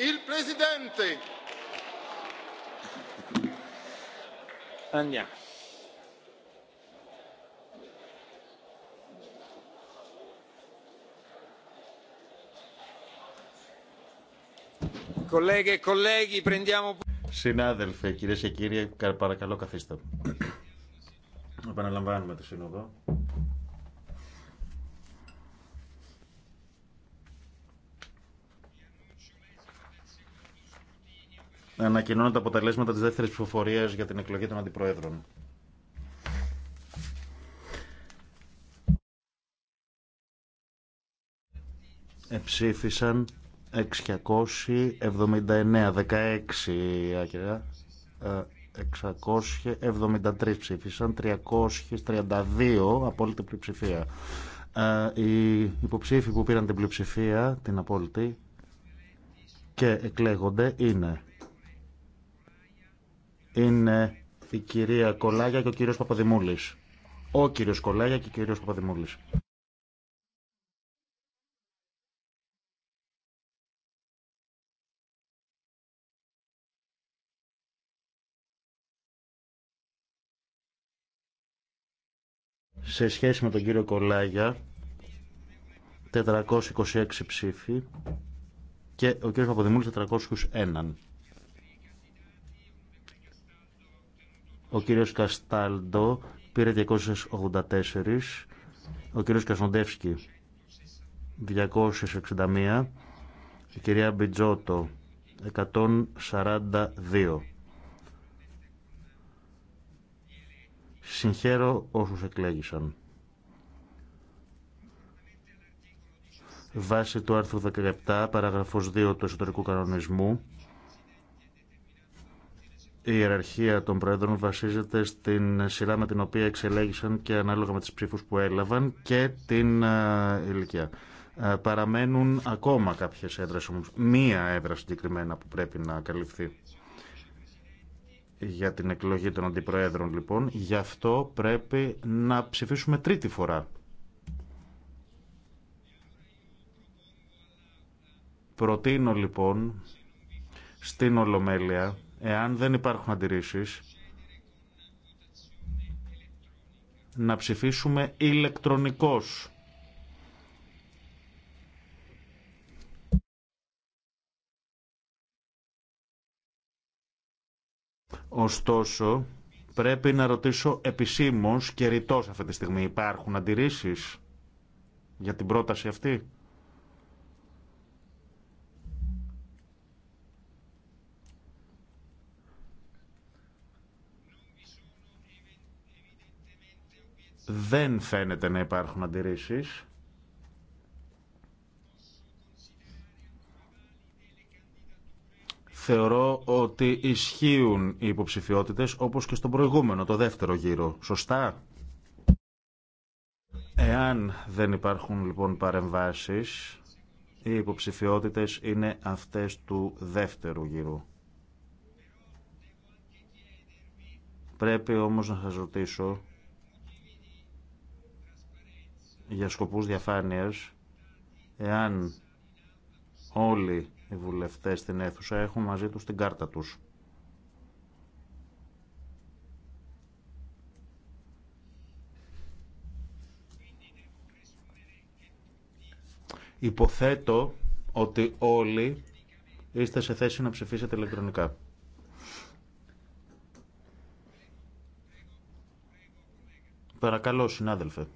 E Συνάδελφε, κυρίες και κύριοι, παρακαλώ καθίστε. Επαναλαμβάνουμε τη σύνοδο. ανακοινώνω τα αποτελέσματα της δεύτερης ψηφοφορίας για την εκλογή των αντιπροέδρων. Εψήφισαν 679, 16 άκυρα, 673 ε, ψήφισαν, 332 απόλυτη πλειοψηφία. Ε, οι υποψήφοι που πήραν την πλειοψηφία, την απόλυτη, και εκλέγονται είναι είναι η κυρία Κολάγια και ο κύριος Παπαδημούλης. Ο κύριος Κολάγια και ο κύριος Παπαδημούλης. Σε σχέση με τον κύριο Κολάγια, 426 ψήφοι και ο κύριος Παπαδημούλης 401. Ο κύριος Καστάλντο πήρε 284. Ο κύριος Κασοντεύσκη 261. Η κυρία Μπιτζότο 142. Συγχαίρω όσους εκλέγησαν. Βάσει του άρθρου 17, παραγραφός 2 του εσωτερικού κανονισμού, η ιεραρχία των Προέδρων βασίζεται στην σειρά με την οποία εξελέγησαν και ανάλογα με τις ψήφους που έλαβαν και την ε, ηλικία. Ε, παραμένουν ακόμα κάποιες έδρες όμως, μία έδρα συγκεκριμένα που πρέπει να καλυφθεί για την εκλογή των αντιπροέδρων λοιπόν. Γι' αυτό πρέπει να ψηφίσουμε τρίτη φορά. Προτείνω λοιπόν στην Ολομέλεια Εάν δεν υπάρχουν αντιρρήσεις, να ψηφίσουμε ηλεκτρονικός. Ωστόσο, πρέπει να ρωτήσω επισήμως και ρητός αυτή τη στιγμή. Υπάρχουν αντιρρήσεις για την πρόταση αυτή. Δεν φαίνεται να υπάρχουν αντιρρήσεις. Θεωρώ ότι ισχύουν οι υποψηφιότητες όπως και στον προηγούμενο, το δεύτερο γύρο. Σωστά. Εάν δεν υπάρχουν λοιπόν παρεμβάσεις, οι υποψηφιότητες είναι αυτές του δεύτερου γύρου. Πρέπει όμως να σας ρωτήσω για σκοπούς διαφάνειας εάν όλοι οι βουλευτές στην αίθουσα έχουν μαζί τους την κάρτα τους. Υποθέτω ότι όλοι είστε σε θέση να ψηφίσετε ηλεκτρονικά. Παρακαλώ, συνάδελφε.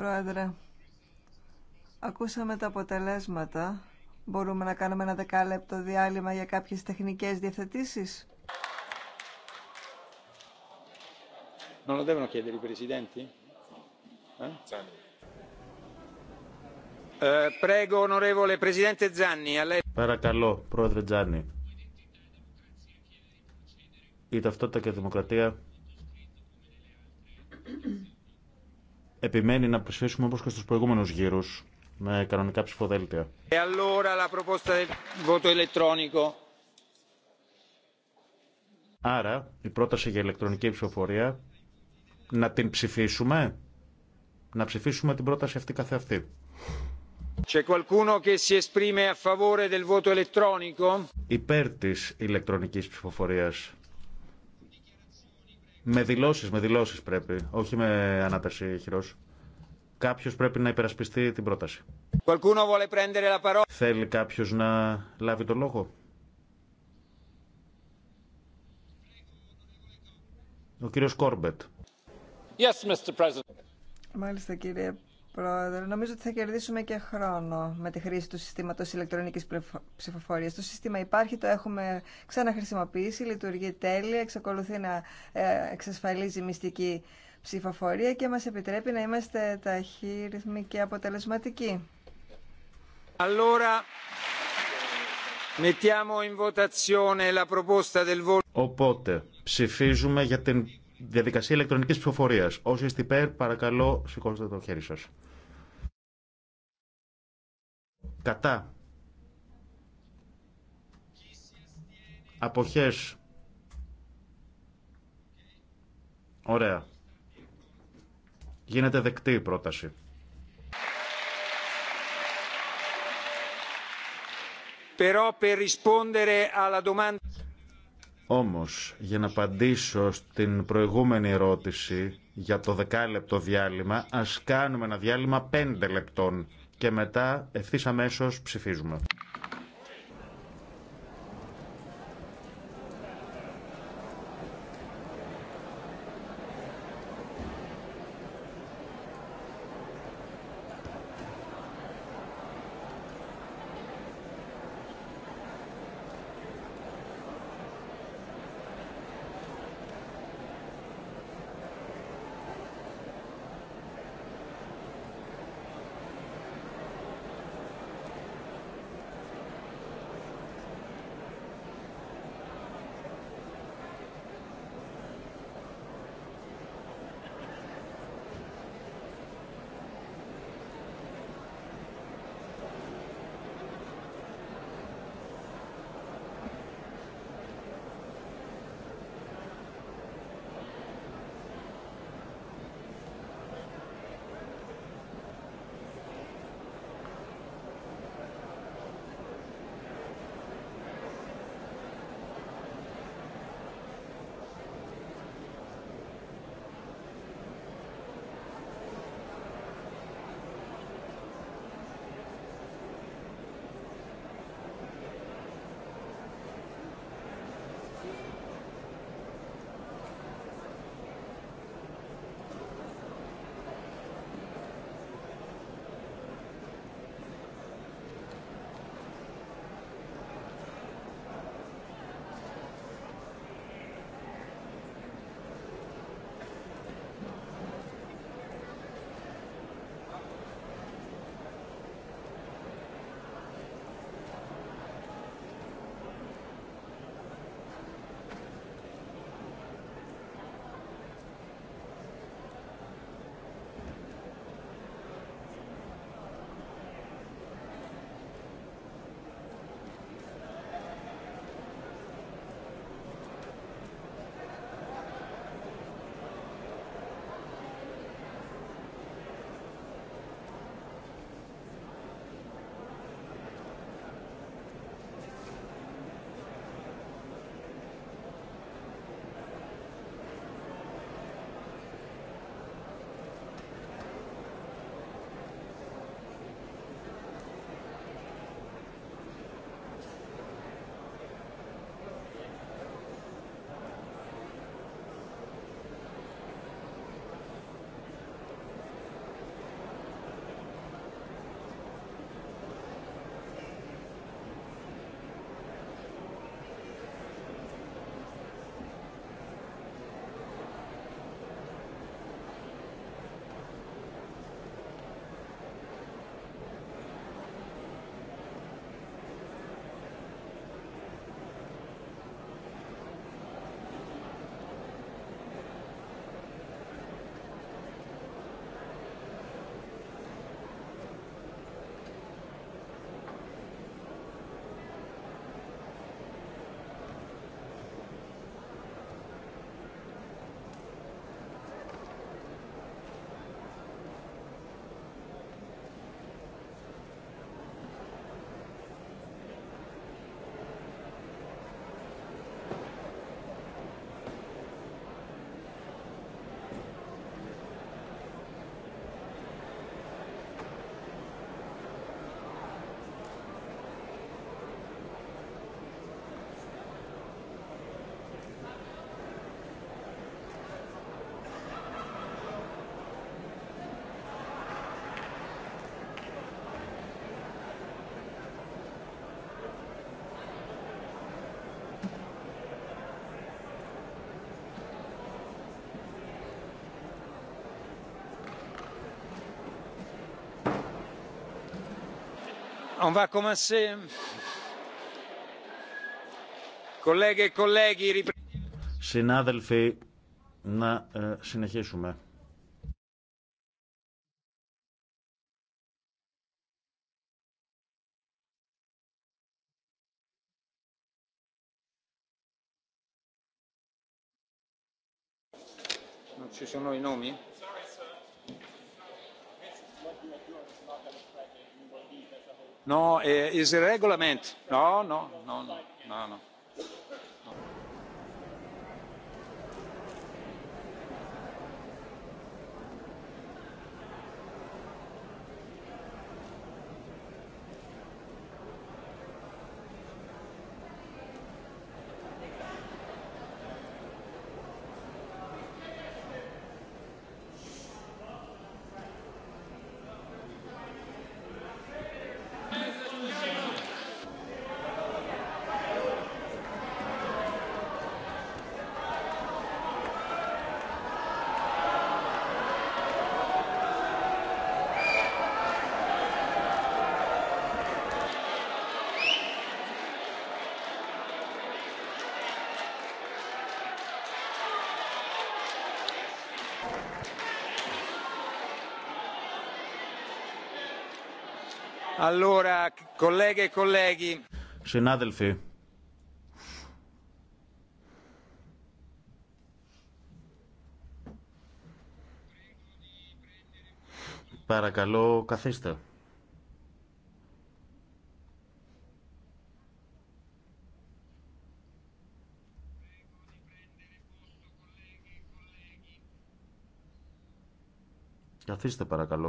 Πρόεδρε, ακούσαμε τα αποτελέσματα. Μπορούμε να κάνουμε ένα δεκάλεπτο διάλειμμα για κάποιες τεχνικές διευθετήσεις. Eh? Eh, Παρακαλώ, Πρόεδρε Τζάνι. Η ταυτότητα και η δημοκρατία επιμένει να ψηφίσουμε όπως και στους προηγούμενους γύρους με κανονικά ψηφοδέλτια. Άρα, η πρόταση για ηλεκτρονική ψηφοφορία, να την ψηφίσουμε, να ψηφίσουμε την πρόταση αυτή καθεαυτή. C'è qualcuno che si esprime a favore Υπέρ της ηλεκτρονικής με δηλώσει, με δηλώσει πρέπει, όχι με ανάταση χειρό. Κάποιο πρέπει να υπερασπιστεί την πρόταση. Θέλει κάποιο να λάβει το λόγο. Ο κύριος Κόρμπετ. Yes, Μάλιστα κύριε Πρόεδρε, νομίζω ότι θα κερδίσουμε και χρόνο με τη χρήση του συστήματο ηλεκτρονική ψηφοφορία. Το σύστημα υπάρχει, το έχουμε ξαναχρησιμοποιήσει, λειτουργεί τέλεια, εξακολουθεί να ε, εξασφαλίζει μυστική ψηφοφορία και μας επιτρέπει να είμαστε ταχύρυθμοι και αποτελεσματικοί. Allora, mettiamo in votazione la proposta del voto. Οπότε, ψηφίζουμε για την διαδικασία ηλεκτρονική ψηφοφορία. Όσοι είστε υπέρ, παρακαλώ, σηκώστε το χέρι σα. Κατά. Αποχές. Ωραία. Γίνεται δεκτή η πρόταση. Però per rispondere alla Όμως, για να απαντήσω στην προηγούμενη ερώτηση για το δεκάλεπτο διάλειμμα, ας κάνουμε ένα διάλειμμα πέντε λεπτών και μετά ευθύ αμέσω ψηφίζουμε. Συνάδελφοι, να ε, συνεχίσουμε. Non ci sono i nomi? No, is el No, No, no, no, no, no. Allora, colleghe, e colleghi. Συνάδελφοι, παρακαλώ καθίστε. Καθίστε παρακαλώ.